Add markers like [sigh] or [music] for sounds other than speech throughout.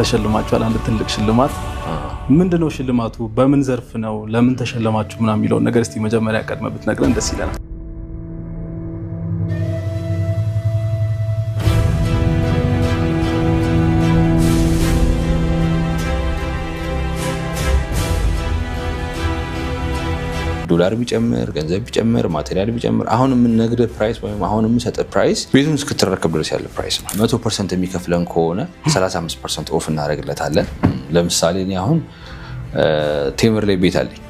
ተሸልማችኋል። አንድ ትልቅ ሽልማት ምንድን ነው? ሽልማቱ በምን ዘርፍ ነው? ለምን ተሸለማችሁ? ምናምን የሚለውን ነገር እስቲ መጀመሪያ ቀድመህ ብትነግረን ደስ ይለናል። ዶላር ቢጨምር ገንዘብ ቢጨምር ማቴሪያል ቢጨምር አሁን የምነግድህ ፕራይስ ወይም አሁን የምሰጥህ ፕራይስ ቤቱን እስክትረከብ ድረስ ያለ ፕራይስ ነው። መቶ ፐርሰንት የሚከፍለን ከሆነ 35 ፐርሰንት ኦፍ እናደርግለታለን። ለምሳሌ እኔ አሁን ቴምር ላይ ቤት አለኝ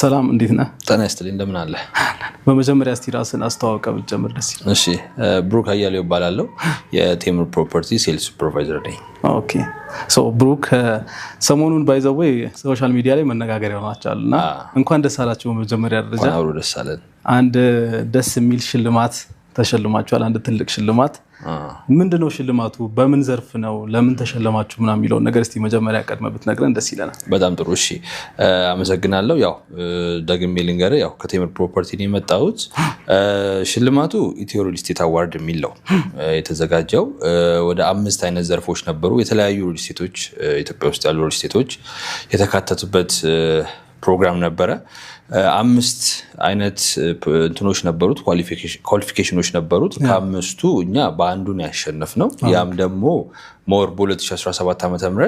ሰላም እንዴት ነህ? ጤና ይስጥልኝ። እንደምን አለ። በመጀመሪያ እስቲ ራስን አስተዋውቀ ብትጀምር ደስ ይላል። እሺ፣ ብሩክ አያሌው እባላለሁ። የቴምር ፕሮፐርቲ ሴልስ ሱፐርቫይዘር ነኝ። ኦኬ ሶ ብሩክ ሰሞኑን ባይዘዌ ሶሻል ሚዲያ ላይ መነጋገሪያ ሆናችኋል እና እንኳን ደስ አላችሁ። በመጀመሪያ ደረጃ አብሮ ደስ አለን። አንድ ደስ የሚል ሽልማት ተሸልማችኋል። አንድ ትልቅ ሽልማት ምንድን ነው ሽልማቱ? በምን ዘርፍ ነው? ለምን ተሸለማችሁ ምናምን የሚለውን ነገር እስቲ መጀመሪያ ቀድመ ብትነግረን ደስ ይለናል። በጣም ጥሩ እሺ፣ አመሰግናለሁ። ያው ደግሜ ልንገርህ፣ ያው ከቴምር ፕሮፐርቲ ነው የመጣሁት። ሽልማቱ ኢትዮ ሪል ስቴት አዋርድ የሚል ነው የተዘጋጀው። ወደ አምስት አይነት ዘርፎች ነበሩ። የተለያዩ ሪል ስቴቶች ኢትዮጵያ ውስጥ ያሉ ሪል ስቴቶች የተካተቱበት ፕሮግራም ነበረ። አምስት አይነት እንትኖች ነበሩት፣ ኳሊፊኬሽኖች ነበሩት። ከአምስቱ እኛ በአንዱን ያሸነፍ ነው። ያም ደግሞ ሞር በ2017 ዓ ም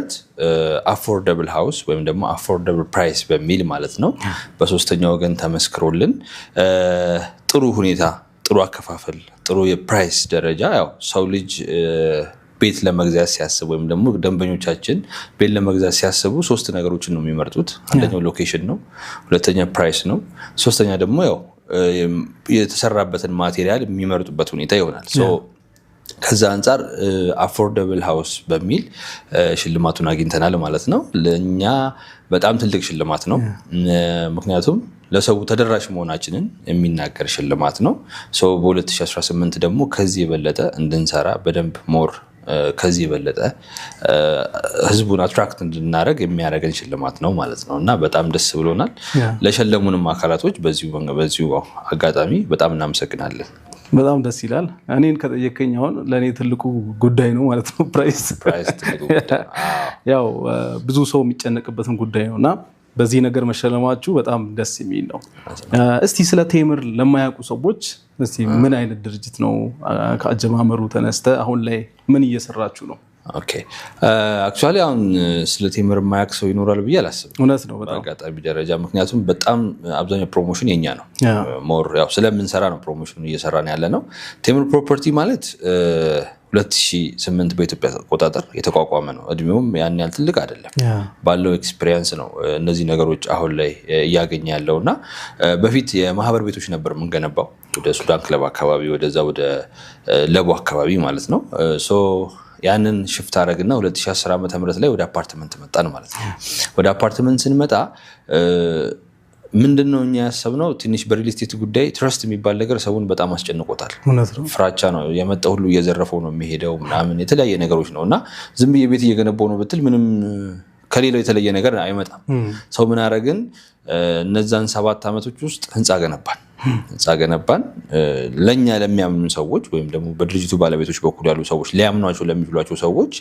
አፎርደብል ሃውስ ወይም ደግሞ አፎርደብል ፕራይስ በሚል ማለት ነው በሶስተኛ ወገን ተመስክሮልን ጥሩ ሁኔታ ጥሩ አከፋፈል ጥሩ የፕራይስ ደረጃ ያው ሰው ልጅ ቤት ለመግዛት ሲያስብ ወይም ደግሞ ደንበኞቻችን ቤት ለመግዛት ሲያስቡ ሶስት ነገሮችን ነው የሚመርጡት። አንደኛው ሎኬሽን ነው፣ ሁለተኛ ፕራይስ ነው፣ ሶስተኛ ደግሞ ያው የተሰራበትን ማቴሪያል የሚመርጡበት ሁኔታ ይሆናል። ከዛ አንጻር አፎርደብል ሃውስ በሚል ሽልማቱን አግኝተናል ማለት ነው። ለእኛ በጣም ትልቅ ሽልማት ነው። ምክንያቱም ለሰው ተደራሽ መሆናችንን የሚናገር ሽልማት ነው። ሰው በ2018 ደግሞ ከዚህ የበለጠ እንድንሰራ በደንብ ሞር ከዚህ የበለጠ ህዝቡን አትራክት እንድናደረግ የሚያደረገን ሽልማት ነው ማለት ነው እና በጣም ደስ ብሎናል። ለሸለሙንም አካላቶች በዚሁ አጋጣሚ በጣም እናመሰግናለን። በጣም ደስ ይላል። እኔን ከጠየከኝ አሁን ለእኔ ትልቁ ጉዳይ ነው ማለት ነው [laughs] ፕራይስ ያው ብዙ ሰው የሚጨነቅበትን ጉዳይ ነው እና በዚህ ነገር መሸለማችሁ በጣም ደስ የሚል ነው። እስቲ ስለ ቴምር ለማያውቁ ሰዎች እስቲ ምን አይነት ድርጅት ነው? ከአጀማመሩ ተነስተ አሁን ላይ ምን እየሰራችሁ ነው? ኦኬ አክቹዋሊ አሁን ስለ ቴምር የማያውቅ ሰው ይኖራል ብዬ አላስብም። እውነት ነው አጋጣሚ ደረጃ ምክንያቱም በጣም አብዛኛው ፕሮሞሽን የኛ ነው። ሞር ያው ስለምንሰራ ነው ፕሮሞሽኑ እየሰራን ያለ ነው። ቴምር ፕሮፐርቲ ማለት 2008 በኢትዮጵያ አቆጣጠር የተቋቋመ ነው። እድሜውም ያን ያህል ትልቅ አይደለም። ባለው ኤክስፒሪየንስ ነው እነዚህ ነገሮች አሁን ላይ እያገኘ ያለው እና በፊት የማህበር ቤቶች ነበር የምንገነባው ወደ ሱዳን ክለብ አካባቢ ወደዛ ወደ ለቡ አካባቢ ማለት ነው። ያንን ሽፍት አረግና 2010 ዓ ም ላይ ወደ አፓርትመንት መጣን ማለት ነው። ወደ አፓርትመንት ስንመጣ ምንድን ነው እኛ ያሰብነው ትንሽ በሪል ስቴት ጉዳይ ትረስት የሚባል ነገር ሰውን በጣም አስጨንቆታል። ፍራቻ ነው የመጣ ሁሉ እየዘረፈው ነው የሚሄደው ምናምን የተለያየ ነገሮች ነው እና ዝም ብዬ ቤት እየገነባው ነው ብትል ምንም ከሌላው የተለየ ነገር አይመጣም። ሰው ምን አረግን? እነዛን ሰባት ዓመቶች ውስጥ ህንፃ ገነባን ህንፃ ገነባን። ለእኛ ለሚያምኑ ሰዎች ወይም ደግሞ በድርጅቱ ባለቤቶች በኩል ያሉ ሰዎች ሊያምኗቸው ለሚችሏቸው ሰዎች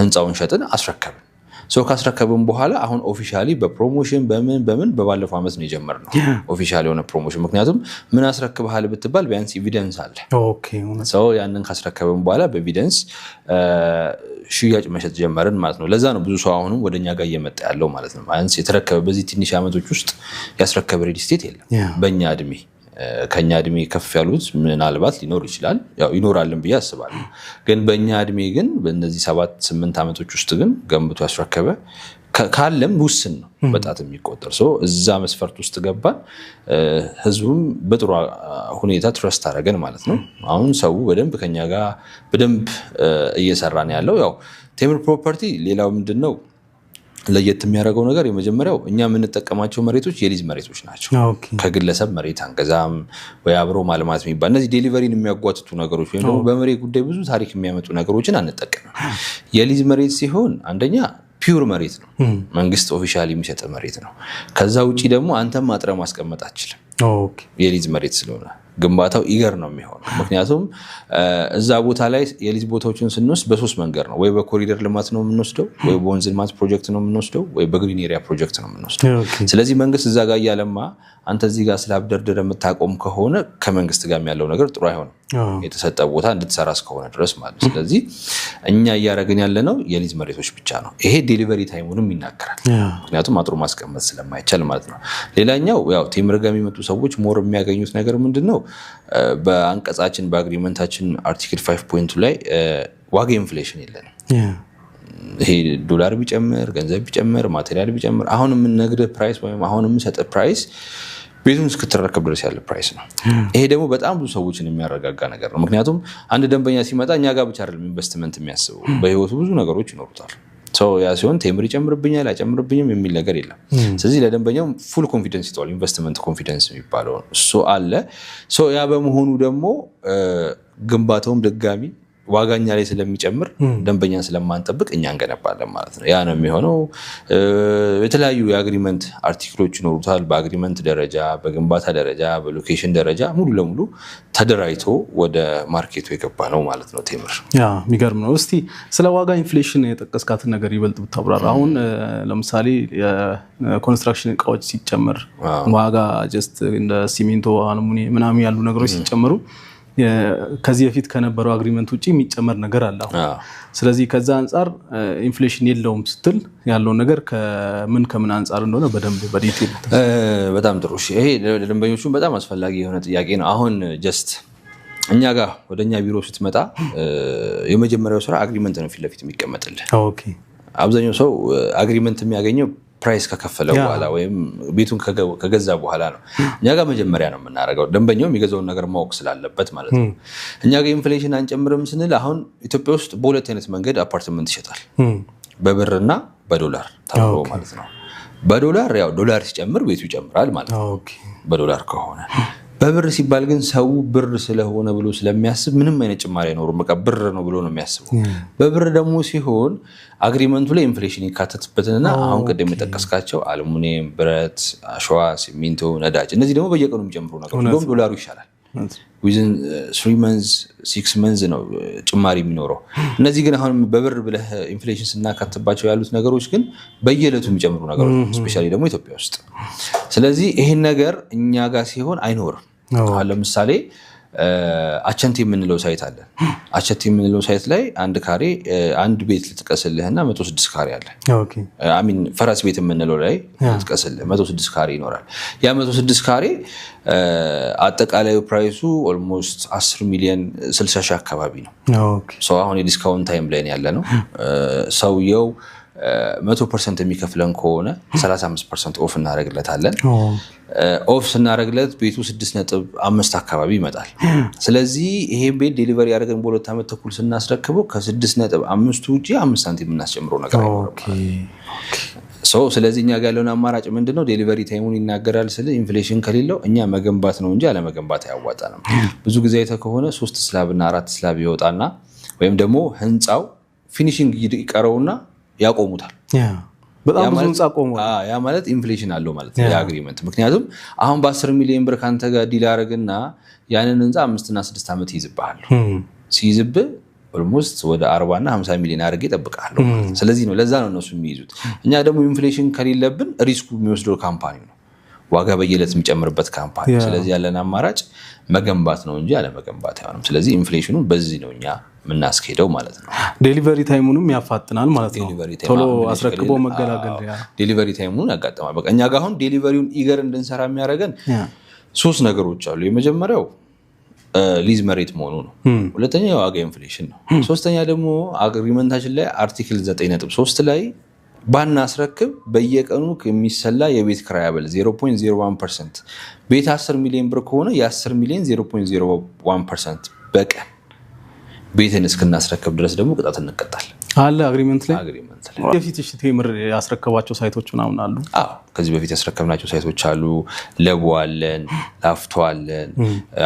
ህንፃውን ሸጥን አስረከብን። ሰው ካስረከብን በኋላ አሁን ኦፊሻሊ በፕሮሞሽን በምን በምን በባለፈው ዓመት ነው የጀመርነው ኦፊሻሊ የሆነ ፕሮሞሽን። ምክንያቱም ምን አስረክብሃል ብትባል ቢያንስ ኤቪደንስ አለ። ሰው ያንን ካስረከብን በኋላ በኤቪደንስ ሽያጭ መሸጥ ጀመርን ማለት ነው። ለዛ ነው ብዙ ሰው አሁንም ወደኛ ጋር እየመጣ ያለው ማለት ነው። የተረከበ በዚህ ትንሽ ዓመቶች ውስጥ ያስረከበ ሪል ስቴት የለም በእኛ እድሜ ከኛ እድሜ ከፍ ያሉት ምናልባት ሊኖር ይችላል ያው ይኖራልን ብዬ አስባለሁ። ግን በእኛ እድሜ ግን በእነዚህ ሰባት ስምንት ዓመቶች ውስጥ ግን ገንብቶ ያስረከበ ካለም ውስን ነው በጣት የሚቆጠር ሰው እዛ መስፈርት ውስጥ ገባን። ህዝቡም በጥሩ ሁኔታ ትረስት አደረገን ማለት ነው። አሁን ሰው በደንብ ከኛ ጋር በደንብ እየሰራ ነው ያለው። ያው ቴምር ፕሮፐርቲ ሌላው ምንድን ነው ለየት የሚያደርገው ነገር የመጀመሪያው እኛ የምንጠቀማቸው መሬቶች የሊዝ መሬቶች ናቸው። ከግለሰብ መሬት አንገዛም ወይ አብሮ ማልማት የሚባል እነዚህ ዴሊቨሪን የሚያጓትቱ ነገሮች ወይም ደግሞ በመሬት ጉዳይ ብዙ ታሪክ የሚያመጡ ነገሮችን አንጠቀምም። የሊዝ መሬት ሲሆን አንደኛ ፒውር መሬት ነው፣ መንግስት ኦፊሻል የሚሰጥ መሬት ነው። ከዛ ውጭ ደግሞ አንተም አጥረ ማስቀመጥ አችልም የሊዝ መሬት ስለሆነ ግንባታው ኢገር ነው የሚሆነው። ምክንያቱም እዛ ቦታ ላይ የሊዝ ቦታዎችን ስንወስድ በሶስት መንገድ ነው። ወይ በኮሪደር ልማት ነው የምንወስደው፣ ወይ በወንዝ ልማት ፕሮጀክት ነው የምንወስደው፣ ወይ በግሪን ኤሪያ ፕሮጀክት ነው የምንወስደው። ስለዚህ መንግስት እዛ ጋር እያለማ አንተ እዚህ ጋር ስለ አብደርደር የምታቆም ከሆነ ከመንግስት ጋር ያለው ነገር ጥሩ አይሆንም፣ የተሰጠ ቦታ እንድትሰራ እስከሆነ ድረስ ማለት። ስለዚህ እኛ እያደረግን ያለ ነው የሊዝ መሬቶች ብቻ ነው። ይሄ ዴሊቨሪ ታይሙንም ይናገራል፣ ምክንያቱም አጥሩ ማስቀመጥ ስለማይቻል ማለት ነው። ሌላኛው ያው ቴምር ጋር የሚመጡ ሰዎች ሞር የሚያገኙት ነገር ምንድን ነው? በአንቀጻችን በአግሪመንታችን አርቲክል ፋይቭ ፖይንቱ ላይ ዋጋ ኢንፍሌሽን የለንም ይሄ ዶላር ቢጨምር ገንዘብ ቢጨምር ማቴሪያል ቢጨምር አሁን የምነግድ ፕራይስ ወይም አሁን የምሰጥ ፕራይስ ቤቱን እስክትረከብ ድረስ ያለ ፕራይስ ነው። ይሄ ደግሞ በጣም ብዙ ሰዎችን የሚያረጋጋ ነገር ነው። ምክንያቱም አንድ ደንበኛ ሲመጣ እኛ ጋር ብቻ አይደለም ኢንቨስትመንት የሚያስበው በህይወቱ ብዙ ነገሮች ይኖሩታል። ሰው ያ ሲሆን ቴምር ይጨምርብኛል አይጨምርብኝም የሚል ነገር የለም። ስለዚህ ለደንበኛው ፉል ኮንፊደንስ ይተዋል። ኢንቨስትመንት ኮንፊደንስ የሚባለው እሱ አለ። ያ በመሆኑ ደግሞ ግንባታውም ድጋሚ ዋጋ እኛ ላይ ስለሚጨምር ደንበኛን ስለማንጠብቅ እኛ እንገነባለን ማለት ነው። ያ ነው የሚሆነው። የተለያዩ የአግሪመንት አርቲክሎች ይኖሩታል። በአግሪመንት ደረጃ፣ በግንባታ ደረጃ፣ በሎኬሽን ደረጃ ሙሉ ለሙሉ ተደራጅቶ ወደ ማርኬቱ የገባ ነው ማለት ነው። ቴምር የሚገርም ነው። እስቲ ስለ ዋጋ ኢንፍሌሽን የጠቀስካትን ነገር ይበልጥ ብታብራራ። አሁን ለምሳሌ የኮንስትራክሽን እቃዎች ሲጨመር ዋጋ ጀስት እንደ ሲሚንቶ፣ አልሙኒ ምናምን ያሉ ነገሮች ሲጨመሩ ከዚህ በፊት ከነበረው አግሪመንት ውጭ የሚጨመር ነገር አለ። ስለዚህ ከዛ አንጻር ኢንፍሌሽን የለውም ስትል ያለውን ነገር ከምን ከምን አንጻር እንደሆነ በደንብ በዲቴል በጣም ጥሩ። ይሄ ለደንበኞቹም በጣም አስፈላጊ የሆነ ጥያቄ ነው። አሁን ጀስት እኛ ጋር ወደ እኛ ቢሮ ስትመጣ የመጀመሪያው ስራ አግሪመንት ነው ፊት ለፊት የሚቀመጥልህ። አብዛኛው ሰው አግሪመንት የሚያገኘው ፕራይስ ከከፈለ በኋላ ወይም ቤቱን ከገዛ በኋላ ነው። እኛ ጋር መጀመሪያ ነው የምናደርገው፣ ደንበኛው የሚገዛውን ነገር ማወቅ ስላለበት ማለት ነው። እኛ ጋር ኢንፍሌሽን አንጨምርም ስንል አሁን ኢትዮጵያ ውስጥ በሁለት አይነት መንገድ አፓርትመንት ይሸጣል፣ በብርና በዶላር ተብሎ ማለት ነው። በዶላር ያው ዶላር ሲጨምር ቤቱ ይጨምራል ማለት ነው፣ በዶላር ከሆነ በብር ሲባል ግን ሰው ብር ስለሆነ ብሎ ስለሚያስብ ምንም አይነት ጭማሪ አይኖሩም። በቃ ብር ነው ብሎ ነው የሚያስበው። በብር ደግሞ ሲሆን አግሪመንቱ ላይ ኢንፍሌሽን ይካተትበትንና አሁን ቅድም የጠቀስካቸው አልሙኒየም፣ ብረት፣ አሸዋ፣ ሲሚንቶ፣ ነዳጅ እነዚህ ደግሞ በየቀኑ የሚጨምሩ ነገሮች እንደውም ዶላሩ ይሻላል። ዊዝን ስሪ መንዝ ሲክስ መንዝ ነው ጭማሪ የሚኖረው። እነዚህ ግን አሁን በብር ብለህ ኢንፍሌሽን ስናካትባቸው ያሉት ነገሮች ግን በየዕለቱ የሚጨምሩ ነገሮች፣ ስፔሻሊ ደግሞ ኢትዮጵያ ውስጥ። ስለዚህ ይህን ነገር እኛ ጋር ሲሆን አይኖርም። ለምሳሌ አቸንቲ የምንለው ሳይት አለ። አቸንቲ የምንለው ሳይት ላይ አንድ ካሬ አንድ ቤት ልጥቀስልህና መቶ ስድስት ካሬ አለ። አሚን ፈረስ ቤት የምንለው ላይ ልትቀስልህ መቶ ስድስት ካሬ ይኖራል። ያ መቶ ስድስት ካሬ አጠቃላይ ፕራይሱ ኦልሞስት አስር ሚሊዮን ስልሳ ሺህ አካባቢ ነው። ሰው አሁን የዲስካውንት ታይም ላይ ያለ ነው ሰውየው መቶ ፐርሰንት የሚከፍለን ከሆነ 35 ፐርሰንት ኦፍ እናደረግለታለን። ኦፍ ስናደረግለት ቤቱ ስድስት ነጥብ አምስት አካባቢ ይመጣል። ስለዚህ ይሄን ቤት ዴሊቨሪ ያደረገን በሁለት ዓመት ተኩል ስናስረክበው ከስድስት ነጥብ አምስቱ ውጭ አምስት ሳንቲም የምናስጨምረው ነገር ስለዚህ እኛ ጋር ያለውን አማራጭ ምንድነው? ዴሊቨሪ ታይሙን ይናገራል። ስለ ኢንፍሌሽን ከሌለው እኛ መገንባት ነው እንጂ አለመገንባት አያዋጣንም። ብዙ ጊዜ አይተህ ከሆነ ሶስት ስላብና አራት ስላብ ይወጣና ወይም ደግሞ ህንፃው ፊኒሽንግ ይቀረውና ያቆሙታል። በጣም ብዙ ህንፃ ቆሞ ያ ማለት ኢንፍሌሽን አለው ማለት ነው የአግሪመንት። ምክንያቱም አሁን በአስር ሚሊዮን ብር ከአንተ ጋር ዲል ያደረግና ያንን ህንፃ አምስትና ስድስት ዓመት ይይዝብሃል። ሲይዝብህ ኦልሞስት ወደ አርባና ሀምሳ ሚሊዮን አድርጌ እጠብቅሃለሁ። ስለዚህ ነው ለዛ ነው እነሱ የሚይዙት። እኛ ደግሞ ኢንፍሌሽን ከሌለብን ሪስኩ የሚወስደው ካምፓኒ ነው ዋጋ በየለት የሚጨምርበት ካምፓኒ። ስለዚህ ያለን አማራጭ መገንባት ነው እንጂ አለመገንባት አይሆንም። ስለዚህ ኢንፍሌሽኑ በዚህ ነው እኛ የምናስኬደው ማለት ነው። ዴሊቨሪ ታይሙንም ያፋጥናል ማለት ነው። ቶሎ አስረክቦ መገላገል ዴሊቨሪ ታይሙን ያጋጠማል። በቃ እኛ ጋር አሁን ዴሊቨሪውን ኢገር እንድንሰራ የሚያደርገን ሶስት ነገሮች አሉ። የመጀመሪያው ሊዝ መሬት መሆኑ ነው። ሁለተኛ የዋጋ ኢንፍሌሽን ነው። ሶስተኛ ደግሞ አግሪመንታችን ላይ አርቲክል ዘጠኝ ነጥብ ሶስት ላይ ባናስረክብ በየቀኑ የሚሰላ የቤት ክራይ አበል 0.01 ቤት 10 ሚሊዮን ብር ከሆነ የ10 ሚሊዮን 0.01 በቀን ቤትን እስክናስረክብ ድረስ ደግሞ ቅጣት እንቀጣል አለ አግሪመንት ላይ የፊት ቴምር ያስረከባቸው ሳይቶች ምናምን አሉ። ከዚህ በፊት ያስረከብናቸው ሳይቶች አሉ። ለቡ አለን፣ ላፍቶ አለን፣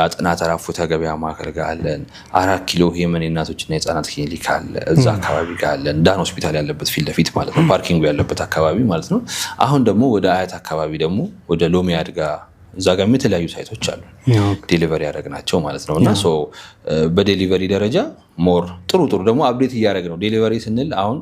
አጥና ተራፉ ተገበያ ማዕከል ጋር አለን። አራት ኪሎ የመን የእናቶችና የህፃናት ክሊኒክ አለ፣ እዛ አካባቢ ጋር አለን። ዳን ሆስፒታል ያለበት ፊት ለፊት ማለት ነው፣ ፓርኪንጉ ያለበት አካባቢ ማለት ነው። አሁን ደግሞ ወደ አያት አካባቢ ደግሞ ወደ ሎሚያድ ጋር እዛ ጋር የተለያዩ ሳይቶች አሉ ዴሊቨሪ ያደረግናቸው ማለት ነው። እና በዴሊቨሪ ደረጃ ሞር ጥሩ ጥሩ ደግሞ አፕዴት እያደረግ ነው። ዴሊቨሪ ስንል አሁን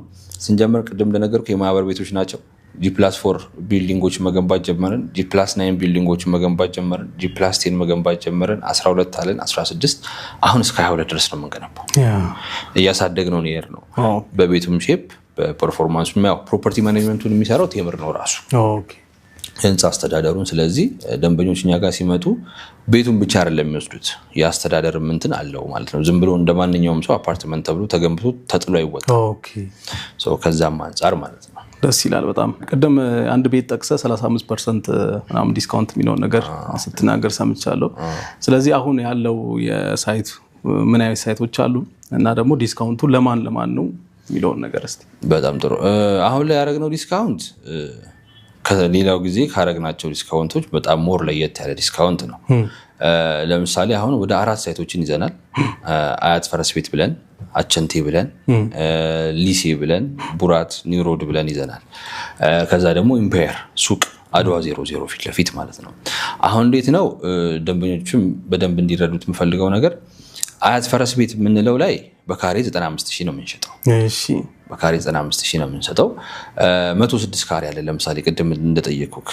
ስንጀምር ቅድም እንደነገርኩ የማህበር ቤቶች ናቸው። ጂፕላስ ፎር ቢልዲንጎች መገንባት ጀመርን። ጂፕላስ ናይን ቢልዲንጎች መገንባት ጀመርን። ጂፕላስ ቴን መገንባት ጀመርን። 12 አለን፣ 16 አሁን እስከ 22 ድረስ ነው የምንገነባው። እያሳደግ ነው ኔር ነው በቤቱም ሼፕ በፐርፎርማንሱ ያው ፕሮፐርቲ ማኔጅመንቱን የሚሰራው ቴምር ነው ራሱ ህንፃ አስተዳደሩን። ስለዚህ ደንበኞች እኛ ጋር ሲመጡ ቤቱን ብቻ አይደለም የሚወስዱት የአስተዳደር ምንትን አለው ማለት ነው። ዝም ብሎ እንደ ማንኛውም ሰው አፓርትመንት ተብሎ ተገንብቶ ተጥሎ አይወጣም። ከዛም አንጻር ማለት ነው። ደስ ይላል በጣም ቅድም አንድ ቤት ጠቅሰ 35 ፐርሰንት ምናምን ዲስካውንት የሚለውን ነገር ስትናገር ሰምቻለሁ። ስለዚህ አሁን ያለው የሳይት ምን አይነት ሳይቶች አሉ እና ደግሞ ዲስካውንቱ ለማን ለማን ነው የሚለውን ነገር እስኪ። በጣም ጥሩ አሁን ላይ ያደረግነው ዲስካውንት ከሌላው ጊዜ ካረግናቸው ዲስካውንቶች በጣም ሞር ለየት ያለ ዲስካውንት ነው። ለምሳሌ አሁን ወደ አራት ሳይቶችን ይዘናል። አያት ፈረስ ቤት ብለን፣ አቸንቴ ብለን፣ ሊሴ ብለን፣ ቡራት ኒውሮድ ብለን ይዘናል። ከዛ ደግሞ ኢምፓየር ሱቅ አድዋ ዜሮ ዜሮ ፊት ለፊት ማለት ነው። አሁን እንዴት ነው ደንበኞችም በደንብ እንዲረዱት የምፈልገው ነገር አያት ፈረስ ቤት የምንለው ላይ በካሬ 95 ሺህ ነው የምንሸጠው በካሬ 95 ሺህ ነው የምንሰጠው። 106 ካሬ አለ። ለምሳሌ ቅድም እንደጠየቅኩክ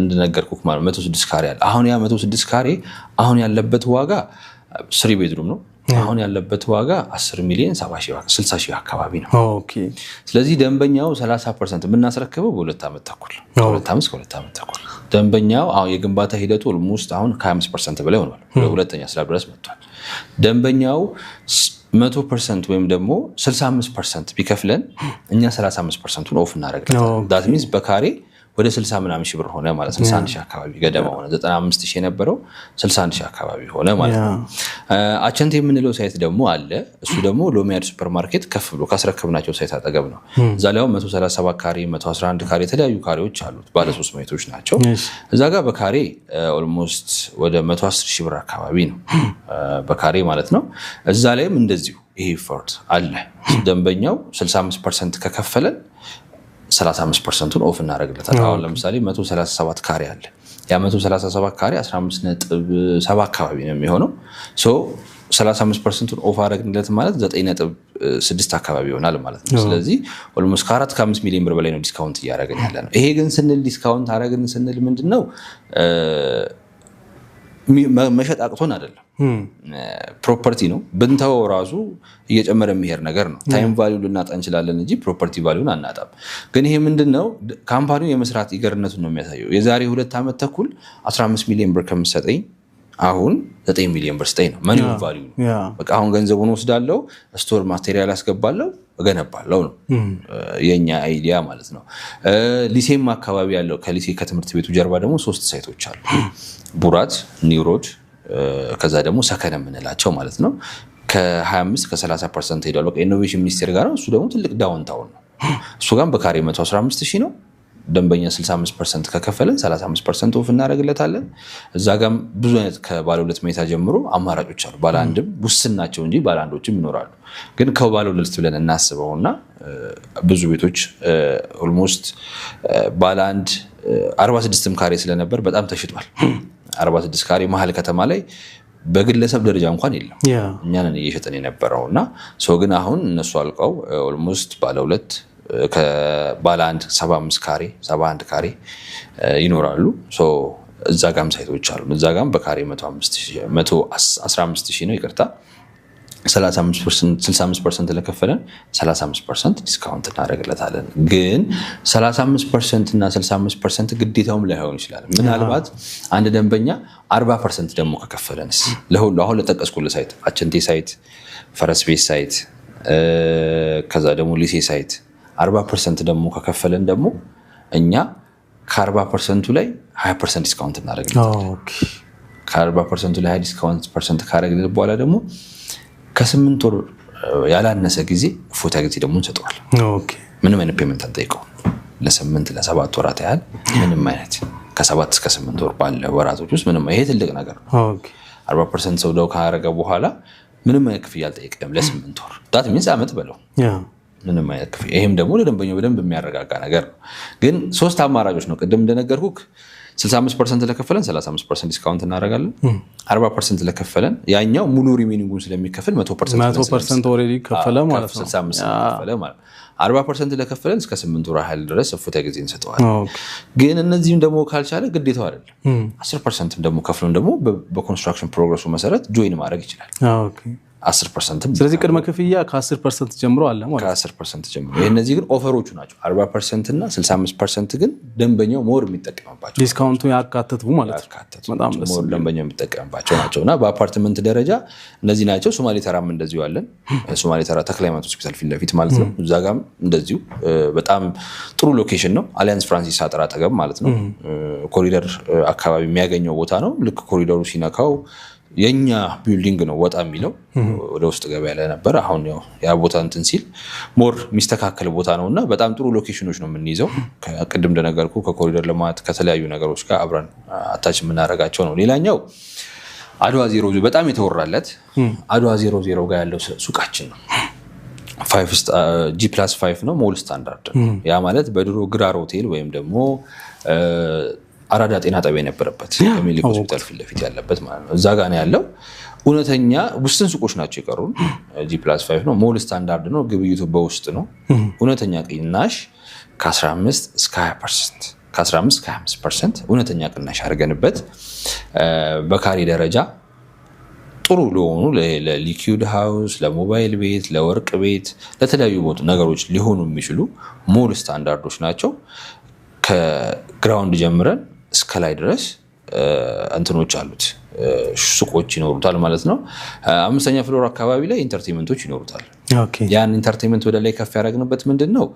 እንደነገርኩክ ማለት 106 ካሬ አለ። አሁን ያ 106 ካሬ አሁን ያለበት ዋጋ ስሪ ቤድሩም ነው። አሁን ያለበት ዋጋ 10 ሚሊዮን 60 ሺህ አካባቢ ነው። ስለዚህ ደንበኛው 30 ፐርሰንት የምናስረክበው በሁለት ዓመት ተኩል ሁለት ዓመት ከሁለት ዓመት ተኩል ደንበኛው የግንባታ ሂደቱ ኦልሞስት አሁን ከ25 ፐርሰንት በላይ ሆኗል። ሁለተኛ ስራ ድረስ መጥቷል። ደንበኛው መቶ ፐርሰንት ወይም ደግሞ 65 ፐርሰንት ቢከፍለን እኛ 35 ፐርሰንቱን ኦፍ እናደረግለን በካሬ ወደ 60 ምናምን ሺህ ብር ሆነ ማለት 61 ሺህ አካባቢ ገደማ ሆነ። 95 ሺህ የነበረው 61 ሺህ አካባቢ ሆነ ማለት ነው። አቸንቴ የምንለው ሳይት ደግሞ አለ። እሱ ደግሞ ሎሚያድ ሱፐር ማርኬት ከፍ ብሎ ካስረከብናቸው ሳይት አጠገብ ነው። እዛ ላይ 137 ካሬ፣ 111 ካሬ የተለያዩ ካሬዎች አሉት። ባለ ሶስት ናቸው። እዛ ጋር በካሬ ኦልሞስት ወደ 110 ሺህ ብር አካባቢ ነው በካሬ ማለት ነው። እዛ ላይም እንደዚሁ ይሄ ፎርት አለ። ደንበኛው 65 ፐርሰንት ከከፈለን 35 ፐርሰንቱን ኦፍ እናደረግለታል አሁን ለምሳሌ 137 ካሬ አለ። ያ 137 ካሬ 15.7 አካባቢ ነው የሚሆነው። 35 ፐርሰንቱን ኦፍ አደረግንለት ማለት 9.6 አካባቢ ይሆናል ማለት ነው። ስለዚህ ኦልሞስት ከአራት ከአምስት ሚሊዮን ብር በላይ ነው ዲስካውንት እያደረግን ያለ ነው። ይሄ ግን ስንል ዲስካውንት አደረግን ስንል ምንድን ነው መሸጥ አቅቶን አይደለም። ፕሮፐርቲ ነው ብንተወው ራሱ እየጨመረ የሚሄድ ነገር ነው። ታይም ቫሊዩ ልናጣ እንችላለን እንጂ ፕሮፐርቲ ቫሊዩን አናጣም። ግን ይሄ ምንድን ነው ካምፓኒው የመስራት ይገርነቱን ነው የሚያሳየው። የዛሬ ሁለት ዓመት ተኩል 15 ሚሊዮን ብር ከምሰጠኝ አሁን ዘጠኝ ሚሊዮን ብር ስጠኝ ነው። መኒ ቫሊዩ ነው። በቃ አሁን ገንዘቡን ወስዳለው፣ ስቶር ማቴሪያል አስገባለው እገነባለው ነው የኛ አይዲያ ማለት ነው። ሊሴም አካባቢ ያለው ከሊሴ ከትምህርት ቤቱ ጀርባ ደግሞ ሶስት ሳይቶች አሉ። ቡራት፣ ኒውሮድ ከዛ ደግሞ ሰከን የምንላቸው ማለት ነው። ከ25 ከ30 ፐርሰንት ሄዷል። በቃ ኢኖቬሽን ሚኒስቴር ጋር ነው። እሱ ደግሞ ትልቅ ዳውንታውን ነው። እሱ ጋር በካሬ 115 ሺህ ነው። ደንበኛ 65 ፐርሰንት ከከፈለ 35 ፐርሰንት ኦፍ እናደርግለታለን። እዛ ጋም ብዙ አይነት ከባለ ሁለት መኝታ ጀምሮ አማራጮች አሉ። ባለ አንድም ውስን ናቸው እንጂ ባለ አንዶችም ይኖራሉ። ግን ከባለ ሁለት ብለን እናስበውእና ብዙ ቤቶች ኦልሞስት ባለ አንድ 46ም ካሬ ስለነበር በጣም ተሽጧል። 46 ካሬ መሀል ከተማ ላይ በግለሰብ ደረጃ እንኳን የለም። እኛንን እየሸጠን የነበረው እና ሰው ግን አሁን እነሱ አልቀው ኦልሞስት ባለ ሁለት ባለ አንድ 75 ካሬ 71 ካሬ ይኖራሉ። እዛ ጋም ሳይቶች አሉ። እዛ ጋም በካሬ 115 ሺህ ነው ይቅርታ 65 ፐርሰንት ለከፈለን 35 ፐርሰንት ዲስካውንት እናደርግለታለን። ግን 35 ፐርሰንት እና 65 ፐርሰንት ግዴታውም ላይሆን ይችላል። ምናልባት አንድ ደንበኛ 40 ፐርሰንት ደግሞ ከከፈለንስ ለሁሉ አሁን ለጠቀስኩልህ ሳይት አቸንቴ ሳይት፣ ፈረስ ቤት ሳይት፣ ከዛ ደግሞ ሊሴ ሳይት አርባ ፐርሰንት ደግሞ ከከፈለን ደግሞ እኛ ከአርባ ፐርሰንቱ ላይ ሀያ ፐርሰንት ዲስካውንት እናደርግልታለን። ከአርባ ፐርሰንቱ ላይ ሀያ ዲስካውንት ፐርሰንት ካደረግልን በኋላ ደግሞ ከስምንት ወር ያላነሰ ጊዜ እፎይታ ጊዜ ደግሞ እንሰጠዋል። ምንም አይነት ፔመንት አንጠይቀው ለስምንት ለሰባት ወራት ያህል ምንም አይነት ከሰባት እስከ ስምንት ወር ባለ ወራቶች ውስጥ ምንም ይሄ ትልቅ ነገር ነው። አርባ ፐርሰንት ሰው ደው ካረገ በኋላ ምንም ክፍያ አልጠይቀም ለስምንት ወር ዳት ሚንስ አመት በለው ምንም አይነት ክፍያ። ይህም ደግሞ ለደንበኛው በደንብ የሚያረጋጋ ነገር ነው። ግን ሶስት አማራጮች ነው ቅድም እንደነገርኩክ 65 ፐርሰንት ለከፈለን 35 ፐርሰንት ዲስካውንት እናደርጋለን። 40 ፐርሰንት ለከፈለን ያኛው ሙሉ ሪሜኒንጉን ስለሚከፍል 100 ፐርሰንት ኦልሬዲ ከፈለ ማለት ነው። 40 ፐርሰንት ለከፈለን እስከ 8 ወር ያህል ድረስ እፎታ ጊዜ እንሰጠዋለን። ግን እነዚህም ደግሞ ካልቻለ ግዴታው አይደለም። 10 ፐርሰንትም ደግሞ ከፍሎን ደግሞ በኮንስትራክሽን ፕሮግረሱ መሰረት ጆይን ማድረግ ይችላል። አስር ፐርሰንት ስለዚህ ቅድመ ክፍያ ከአስር ፐርሰንት ጀምሮ አለ ማለት ከአስር ፐርሰንት ጀምሮ። እነዚህ ግን ኦፈሮቹ ናቸው። አርባ ፐርሰንት እና ስልሳ አምስት ፐርሰንት ግን ደንበኛው ሞር የሚጠቀምባቸው ዲስካውንቱ ያካተቱ ማለት ደንበኛው የሚጠቀምባቸው ናቸው እና በአፓርትመንት ደረጃ እነዚህ ናቸው። ሶማሌ ተራም እንደዚሁ አለን። [laughs] ሶማሌ ተራ ተክለ ሃይማኖት ሆስፒታል ፊት ለፊት ማለት ነው። እዛ ጋም እንደዚሁ በጣም ጥሩ ሎኬሽን ነው። አሊያንስ ፍራንሲስ አጥር አጠገብ ማለት ነው። ኮሪደር አካባቢ የሚያገኘው ቦታ ነው። ልክ ኮሪደሩ ሲነካው የእኛ ቢልዲንግ ነው ወጣ የሚለው ወደ ውስጥ ገበያ ላይ ነበር። አሁን ያው ያ ቦታ እንትን ሲል ሞር የሚስተካከል ቦታ ነው እና በጣም ጥሩ ሎኬሽኖች ነው የምንይዘው። ቅድም እንደነገርኩ ከኮሪደር ልማት ከተለያዩ ነገሮች ጋር አብረን አታች የምናደርጋቸው ነው። ሌላኛው አድዋ ዜሮ በጣም የተወራለት አድዋ ዜሮ ዜሮ ጋር ያለው ሱቃችን ነው። ጂ ፕላስ ፋይቭ ነው ሞል ስታንዳርድ። ያ ማለት በድሮ ግራር ሆቴል ወይም ደግሞ አራዳ ጤና ጣቢያ የነበረበት ሚኒሊክ ሆስፒታል ፊት ለፊት ያለበት ማለት ነው። እዛ ጋ ነው ያለው። እውነተኛ ውስን ሱቆች ናቸው የቀሩን። ጂ ፕላስ ፋይቭ ነው፣ ሞል ስታንዳርድ ነው፣ ግብይቱ በውስጥ ነው። እውነተኛ ቅናሽ ከ15 እስከ 20 ፐርሰንት ከ15 እስከ 25 ፐርሰንት እውነተኛ ቅናሽ አድርገንበት በካሬ ደረጃ ጥሩ ለሆኑ ለሊኪዩድ ሃውስ፣ ለሞባይል ቤት፣ ለወርቅ ቤት፣ ለተለያዩ ነገሮች ሊሆኑ የሚችሉ ሞል ስታንዳርዶች ናቸው። ከግራውንድ ጀምረን እስከ ላይ ድረስ እንትኖች አሉት ሱቆች ይኖሩታል ማለት ነው። አምስተኛ ፍሎር አካባቢ ላይ ኢንተርቴንመንቶች ይኖሩታል። ያን ኢንተርቴንመንት ወደ ላይ ከፍ ያደረግንበት ምንድን ነው?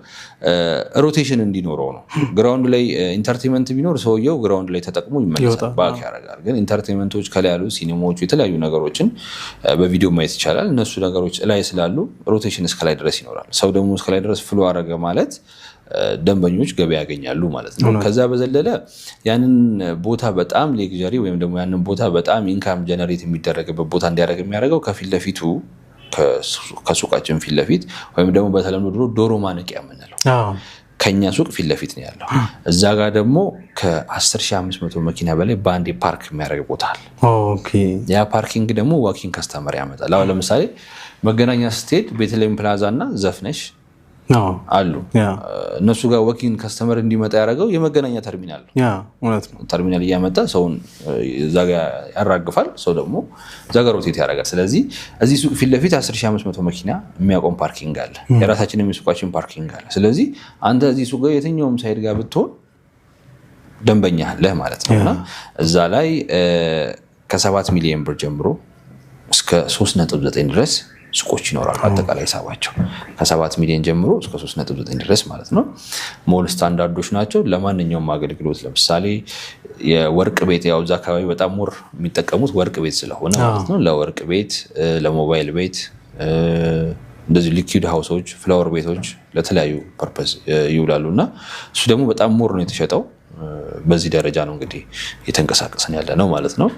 ሮቴሽን እንዲኖረው ነው። ግራውንድ ላይ ኢንተርቴንመንት ቢኖር ሰውየው ግራውንድ ላይ ተጠቅሞ ይመለሳል፣ ባክ ያደርጋል። ግን ኢንተርቴንመንቶች ከላይ ያሉ ሲኒማዎቹ፣ የተለያዩ ነገሮችን በቪዲዮ ማየት ይቻላል። እነሱ ነገሮች ላይ ስላሉ ሮቴሽን እስከላይ ድረስ ይኖራል። ሰው ደግሞ እስከላይ ድረስ ፍሎ አደረገ ማለት ደንበኞች ገበያ ያገኛሉ ማለት ነው። ከዛ በዘለለ ያንን ቦታ በጣም ሌግጀሪ ወይም ደግሞ ያንን ቦታ በጣም ኢንካም ጀነሬት የሚደረግበት ቦታ እንዲያደርግ የሚያደርገው ከፊት ለፊቱ ከሱቃችን ፊት ለፊት ወይም ደግሞ በተለምዶ ድሮ ዶሮ ማነቂያ የምንለው ከኛ ሱቅ ፊት ለፊት ነው ያለው። እዛ ጋር ደግሞ ከ10500 መኪና በላይ በአንዴ ፓርክ የሚያደርግ ቦታ አለ። ያ ፓርኪንግ ደግሞ ዋኪንግ ከስተመር ያመጣል። አሁን ለምሳሌ መገናኛ ስትሄድ ቤተልሔም ፕላዛ እና ዘፍነሽ አሉ። እነሱ ጋር ወኪን ከስተመር እንዲመጣ ያደረገው የመገናኛ ተርሚናል ተርሚናል እያመጣ ሰውን እዛ ያራግፋል። ሰው ደግሞ እዛ ጋ ሮቴት ያደርጋል። ስለዚህ እዚህ ሱቅ ፊት ለፊት 1500 መኪና የሚያቆም ፓርኪንግ አለ። የራሳችን የሚሱቃችን ፓርኪንግ አለ። ስለዚህ አንተ እዚህ ሱቅ ጋር የትኛውም ሳይድ ጋር ብትሆን ደንበኛ አለህ ማለት ነው እና እዛ ላይ ከሰባት ሚሊዮን ብር ጀምሮ እስከ 3.9 ድረስ ሱቆች ይኖራሉ። አጠቃላይ ሂሳባቸው ከሰባት ሚሊዮን ጀምሮ እስከ ሶስት ነጥብ ዘጠኝ ድረስ ማለት ነው። ሞል ስታንዳርዶች ናቸው ለማንኛውም አገልግሎት። ለምሳሌ የወርቅ ቤት ያው እዛ አካባቢ በጣም ሞር የሚጠቀሙት ወርቅ ቤት ስለሆነ ማለት ነው። ለወርቅ ቤት፣ ለሞባይል ቤት እንደዚህ ሊኪድ ሀውሶች፣ ፍላወር ቤቶች ለተለያዩ ፐርፐስ ይውላሉ እና እሱ ደግሞ በጣም ሞር ነው የተሸጠው። በዚህ ደረጃ ነው እንግዲህ እየተንቀሳቀስን ያለ ነው ማለት ነው።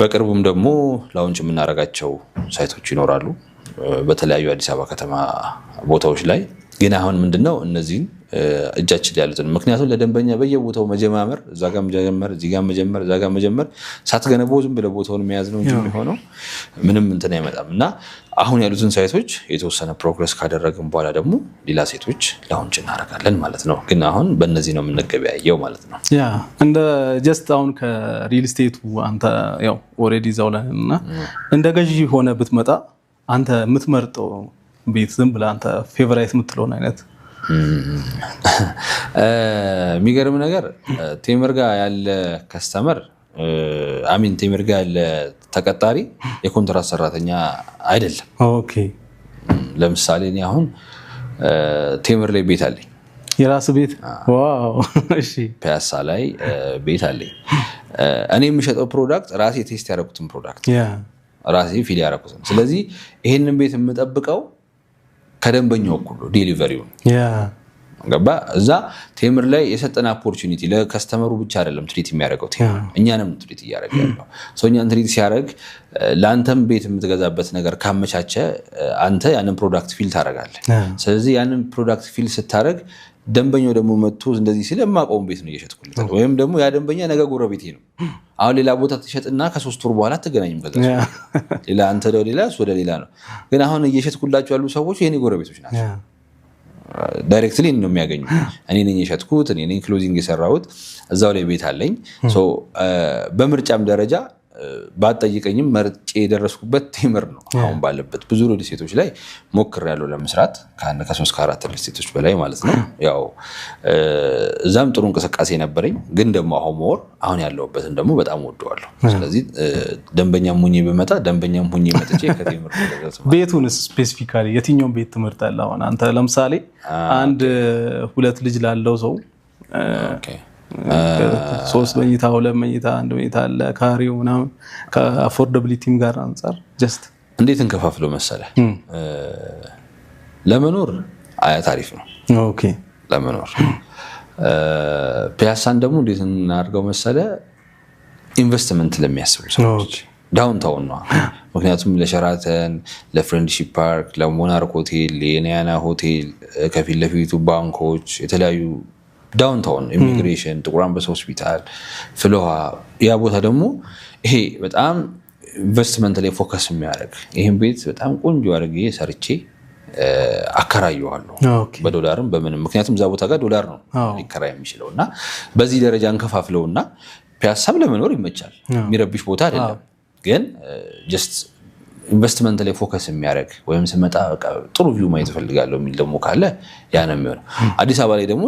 በቅርቡም ደግሞ ላውንጭ የምናደርጋቸው ሳይቶች ይኖራሉ። በተለያዩ አዲስ አበባ ከተማ ቦታዎች ላይ ግን አሁን ምንድነው እነዚህን እጃችን ያሉትን ምክንያቱም ለደንበኛ በየቦታው መጀማመር እዛ ጋ መጀመር እዚህ ጋ መጀመር እዛ ጋ መጀመር ሳትገነባው ዝም ብለህ ቦታውን መያዝ ነው እንጂ የሚሆነው ምንም እንትን አይመጣም። እና አሁን ያሉትን ሳይቶች የተወሰነ ፕሮግረስ ካደረግን በኋላ ደግሞ ሌላ ሴቶች ላውንች እናደርጋለን ማለት ነው። ግን አሁን በእነዚህ ነው የምንገበያየው ማለት ነው። ያ እንደ ጀስት አሁን ከሪል ስቴቱ አንተ ያው ኦልሬዲ እዛው ላይ እና እንደ ገዢ ሆነ ብትመጣ አንተ የምትመርጠው ቤት ዝም ብለህ አንተ ፌቨራይት የምትለውን አይነት የሚገርም ነገር ቴምር ጋር ያለ ከስተመር አሚን ቴምር ጋር ያለ ተቀጣሪ የኮንትራት ሰራተኛ አይደለም። ለምሳሌ እኔ አሁን ቴምር ላይ ቤት አለኝ፣ የራስ ቤት [laughs] ፒያሳ ላይ ቤት አለኝ። እኔ የምሸጠው ፕሮዳክት ራሴ ቴስት ያደረጉትን ፕሮዳክት ራሴ ፊል ያደረኩት ስለዚህ ይሄንን ቤት የምጠብቀው ከደንበኛው እኩል ዴሊቨሪውን ገባ። እዛ ቴምር ላይ የሰጠን ኦፖርቹኒቲ ለከስተመሩ ብቻ አይደለም ትሪት የሚያደርገው እኛንም ትሪት እያደረገ ያለው ሰው እኛን ትሪት ሲያደርግ ለአንተም ቤት የምትገዛበት ነገር ካመቻቸ አንተ ያንን ፕሮዳክት ፊል ታደርጋለህ። ስለዚህ ያንን ፕሮዳክት ፊል ስታደርግ ደንበኛው ደግሞ መጥቶ እንደዚህ ሲል የማውቀውን ቤት ነው እየሸጥኩለት፣ ወይም ደግሞ ያ ደንበኛ ነገ ጎረቤቴ ነው። አሁን ሌላ ቦታ ትሸጥና ከሶስት ወር በኋላ አትገናኝም። ሌላ አንተ ወደ ሌላ እሱ ወደ ሌላ ነው። ግን አሁን እየሸጥኩላቸው ያሉ ሰዎች የኔ ጎረቤቶች ናቸው። ዳይሬክትሊ ነው የሚያገኙ። እኔ ነኝ የሸጥኩት፣ እኔ ነኝ ክሎዚንግ የሰራሁት፣ እዛው ላይ ቤት አለኝ። በምርጫም ደረጃ ባጠይቀኝም መርጬ የደረስኩበት ቴምር ነው። አሁን ባለበት ብዙ ሪል ስቴቶች ላይ ሞክሬያለሁ ለመስራት ከአንድ ከሶስት ከአራት ሪል ስቴቶች በላይ ማለት ነው። ያው እዛም ጥሩ እንቅስቃሴ ነበረኝ፣ ግን ደግሞ አሁን መወር አሁን ያለሁበትን ደግሞ በጣም ወደዋለሁ። ስለዚህ ደንበኛም ሁኜ ብመጣ ደንበኛም ሁኜ መጥቼ ከቴምር ቤቱን ስፔሲፊካሊ የትኛውን ቤት ትምህርት አለ አሁን አንተ ለምሳሌ አንድ ሁለት ልጅ ላለው ሰው ሶስት መኝታ ሁለት መኝታ አንድ መኝታ አለ ካሬው ምናምን ከአፎርደብሊቲም ጋር አንጻር ጀስት እንዴት እንከፋፍለው መሰለ ለመኖር አያት አሪፍ ነው ለመኖር ፒያሳን ደግሞ እንዴት እናድርገው መሰለ ኢንቨስትመንት ለሚያስቡ ሰዎች ዳውንታውን ነ ምክንያቱም ለሸራተን ለፍሬንድሺፕ ፓርክ ለሞናርክ ሆቴል የኒያና ሆቴል ከፊት ለፊቱ ባንኮች የተለያዩ ዳውንታውን ኢሚግሬሽን፣ ጥቁር አንበሳ ሆስፒታል፣ ፍልውሃ ያ ቦታ ደግሞ ይሄ በጣም ኢንቨስትመንት ላይ ፎከስ የሚያደርግ ይህም ቤት በጣም ቆንጆ አድርጌ ሰርቼ አከራየዋለሁ በዶላርም በምንም ምክንያቱም እዛ ቦታ ጋር ዶላር ነው ሊከራ የሚችለው እና በዚህ ደረጃ እና ፒያሳም ለመኖር ይመቻል። የሚረብሽ ቦታ አይደለም፣ ግን ጀስት ኢንቨስትመንት ላይ ፎከስ የሚያደርግ ወይም ስመጣ ጥሩ ቪው ማየት እፈልጋለሁ የሚል ደግሞ ካለ ያ ነው የሚሆነው። አዲስ አበባ ላይ ደግሞ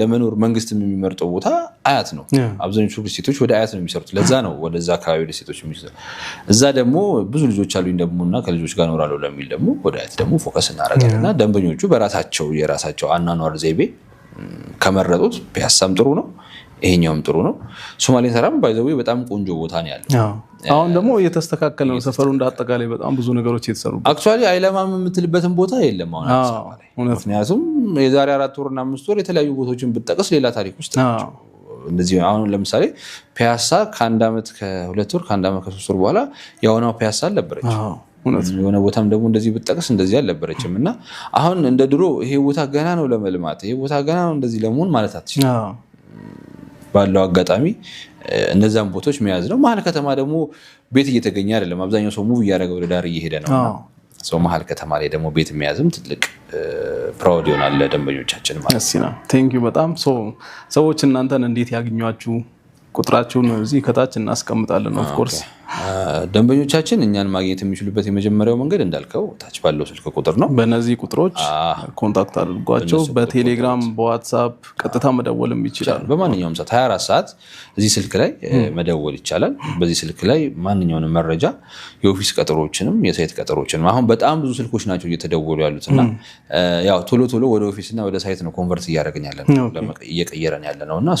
ለመኖር መንግስት የሚመርጠው ቦታ አያት ነው። አብዛኞቹ ደሴቶች ወደ አያት ነው የሚሰሩት። ለዛ ነው ወደዛ አካባቢ ደሴቶች የሚ እዛ ደግሞ ብዙ ልጆች አሉኝ ደግሞ እና ከልጆች ጋር እኖራለሁ ለሚል ደግሞ ወደ አያት ደግሞ ፎከስ እናደርጋለን እና ደንበኞቹ በራሳቸው የራሳቸው አኗኗር ዘይቤ ከመረጡት ፒያሳም ጥሩ ነው ይሄኛውም ጥሩ ነው። ሶማሌ ሰራም ባይዘ በጣም ቆንጆ ቦታ ነው ያለው። አሁን ደግሞ እየተስተካከለ ነው ሰፈሩ። እንደ አጠቃላይ በጣም ብዙ ነገሮች እየተሰሩ አክቹዋሊ አይለማም የምትልበትን ቦታ የለም አሁን። ምክንያቱም የዛሬ አራት ወርና አምስት ወር የተለያዩ ቦታዎችን ብጠቅስ ሌላ ታሪክ ውስጥ ናቸው። እንደዚህ አሁን ለምሳሌ ፒያሳ ከአንድ ዓመት ከሁለት ወር ከአንድ ዓመት ከሶስት ወር በኋላ የሆነው ፒያሳ አልነበረች። የሆነ ቦታም ደግሞ እንደዚህ ብጠቅስ እንደዚህ አልነበረችም። እና አሁን እንደ ድሮ ይሄ ቦታ ገና ነው ለመልማት ይሄ ቦታ ገና ነው እንደዚህ ለመሆን ማለት አትችልም። ባለው አጋጣሚ እነዚያን ቦታዎች መያዝ ነው። መሀል ከተማ ደግሞ ቤት እየተገኘ አይደለም። አብዛኛው ሰው ሙቭ እያደረገ ወደ ዳር እየሄደ ነው። ሰው መሀል ከተማ ላይ ደግሞ ቤት መያዝም ትልቅ ፕራውድ ይሆናል ለደንበኞቻችን ማለት ነው። በጣም ሰዎች እናንተን እንዴት ያገኟችሁ? ቁጥራችሁን እዚህ ከታች እናስቀምጣለን ኦፍኮርስ ደንበኞቻችን እኛን ማግኘት የሚችሉበት የመጀመሪያው መንገድ እንዳልከው ታች ባለው ስልክ ቁጥር ነው። በእነዚህ ቁጥሮች ኮንታክት አድርጓቸው። በቴሌግራም በዋትሳፕ ቀጥታ መደወልም ይችላል። በማንኛውም ሰዓት 24 ሰዓት እዚህ ስልክ ላይ መደወል ይቻላል። በዚህ ስልክ ላይ ማንኛውንም መረጃ የኦፊስ ቀጠሮችንም የሳይት ቀጠሮችንም አሁን በጣም ብዙ ስልኮች ናቸው እየተደወሉ ያሉት እና ያው ቶሎ ቶሎ ወደ ኦፊስ እና ወደ ሳይት ነው ኮንቨርት እያደረግን ያለ እየቀየረን ያለ ነው እና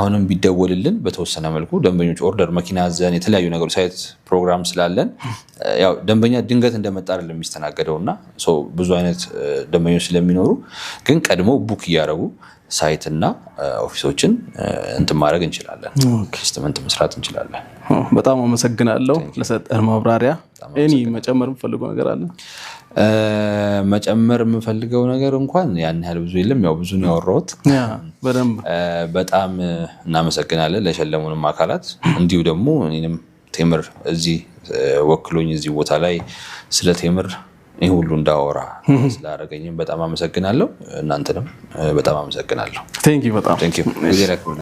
አሁንም ቢደወልልን በተወሰነ መልኩ ደንበኞች ኦርደር መኪና ዘን የተለያዩ ነገሩ ሳይት ፕሮግራም ስላለን ያው ደንበኛ ድንገት እንደመጣ አይደለም የሚስተናገደው እና ብዙ አይነት ደንበኞች ስለሚኖሩ ግን ቀድሞ ቡክ እያደረጉ ሳይትና ኦፊሶችን እንትን ማድረግ እንችላለን፣ ኢንቨስትመንት መስራት እንችላለን። በጣም አመሰግናለሁ ለሰጠን ማብራሪያ። ኒ መጨመር የምፈልገው ነገር አለ? መጨመር የምፈልገው ነገር እንኳን ያን ያህል ብዙ የለም። ያው ብዙ ነው ያወራሁት። በጣም እናመሰግናለን ለሸለሙንም አካላት እንዲሁ ደግሞ እኔንም ቴምር እዚህ ወክሎኝ እዚህ ቦታ ላይ ስለ ቴምር ይህ ሁሉ እንዳወራ ስላደረገኝም በጣም አመሰግናለሁ። እናንተንም በጣም አመሰግናለሁ።